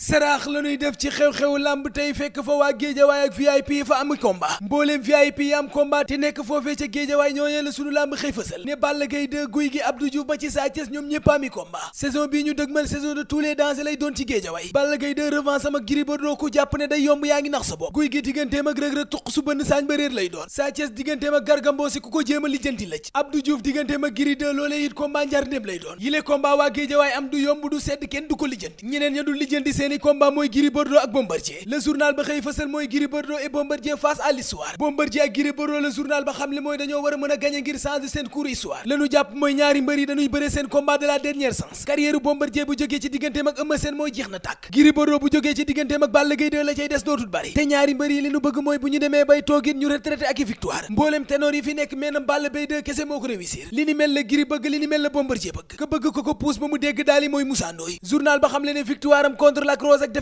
saraax la ñuy def ci xew-xewu làmb tey fekk fa waa géejawaay ak vip yi fa am combat mbooleem vip yi am combat te nekk foofee ca géejawaay ñooñee la sunu làmb xëy fësal ne Balla Gaye 2 guy gi Abdou Diouf ba ci Sa Thiès ñoom ñëpp ami combat saison bii ñu dëgmal saison de tous les dangers lay doon ci géejawaay Balla Gaye 2 revanche sama Gris Bordeaux ku jàpp ne day yomb yaa ngi nax sa bopp guy gi digganteem ak rëg-rëg tuq su bënn saañ ba réer lay doon Sa Thiès digganteem ak a lijjanti waa am yomb du sedd kenn du ko lijjanti ñeneen ña seeni jàpp mooy ñaari mbër yi dañuy bëre seen combat de la dernière chance carrière Bombardier bu jógee ci digganteem ak Eumeu Sène mooy jeex na tàkk Gris bu jógee ci digganteem ak Balla Gaye la cay des dootul bari te ñaari mbër yi li ñu bëgg mooy bu ñu demee bay toogit ñu retraité ak i victoire mboolem ténor yi fi nekk meenam Balla Gaye kese moo ko réussir li ni mel la Gris bëgg li ni mel la Bombardier bëgg ka bëgg ko ko puus ba mu dégg daal Lac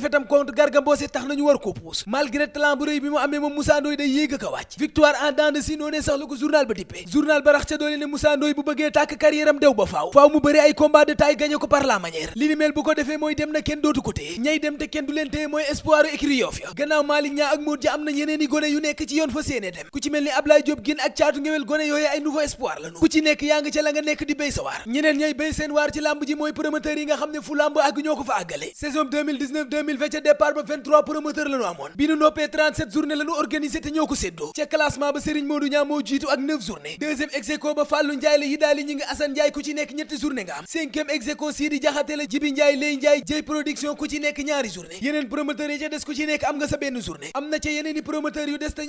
tax nañu war ko puus malgré talent bi mu amee moom Moussa day yéeg ak a wàcc victoire en dents de noonee sax la ko journal ba dippee journal ba rax ca doole ne Moussa bu bëggee tàkk carrière am dew ba faaw faaw mu bëri ay combat de taille gagné ko par li ni mel bu ko defee mooy dem na kenn dootu ko téye ñay dem te kenn du leen téye mooy espoir u écurie Yoff ya gannaaw Malick ak Modou Dia am na yeneen gone yu nekk ci yoon 2019 ca départ ba 23 promoteur la ñu amoon bi ñu noppee 37 journée la ñu te ñoo ko séddoo ca classement ba Serigne Modou Niang moo jiitu ak 9 journée deuxième ex ba Fallou Ndiaye la yi daali ñi ngi Assane Ndiaye ku ci nekk ñetti journée nga am cinquième ex aequo Sidi la Jibi Ndiaye Lay Ndiaye Jey production ku ci nekk ñaari journée yeneen promoteurs yi ca des ku ci nekk am nga sa benn journée am na ca yeneen i yu des te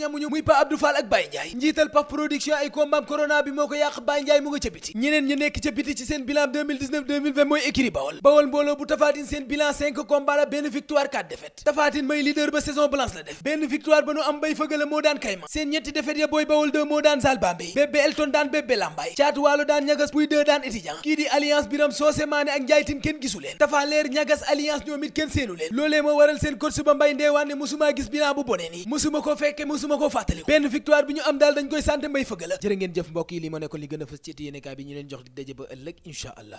Mara benn victoire 4 défaites Tapha Tine may leader ba saison blanche la def benn victoire ba nu am bay fëgala moo daan kayma seen ñetti défaites ya booy bawol 2 moo daan Zal Bambey bébé Elton daan bébé Lambaay caatu waalo daan ñagas puy 2 daan étudiant kii di alliance biram soose maane ak njaaytin kenn gisu leen Leer ñagas alliance ñoom kenn seenu leen loolee moo waral seen coach ba mbay ndeewaan ne musuma gis bilan bu bonee nii musuma ko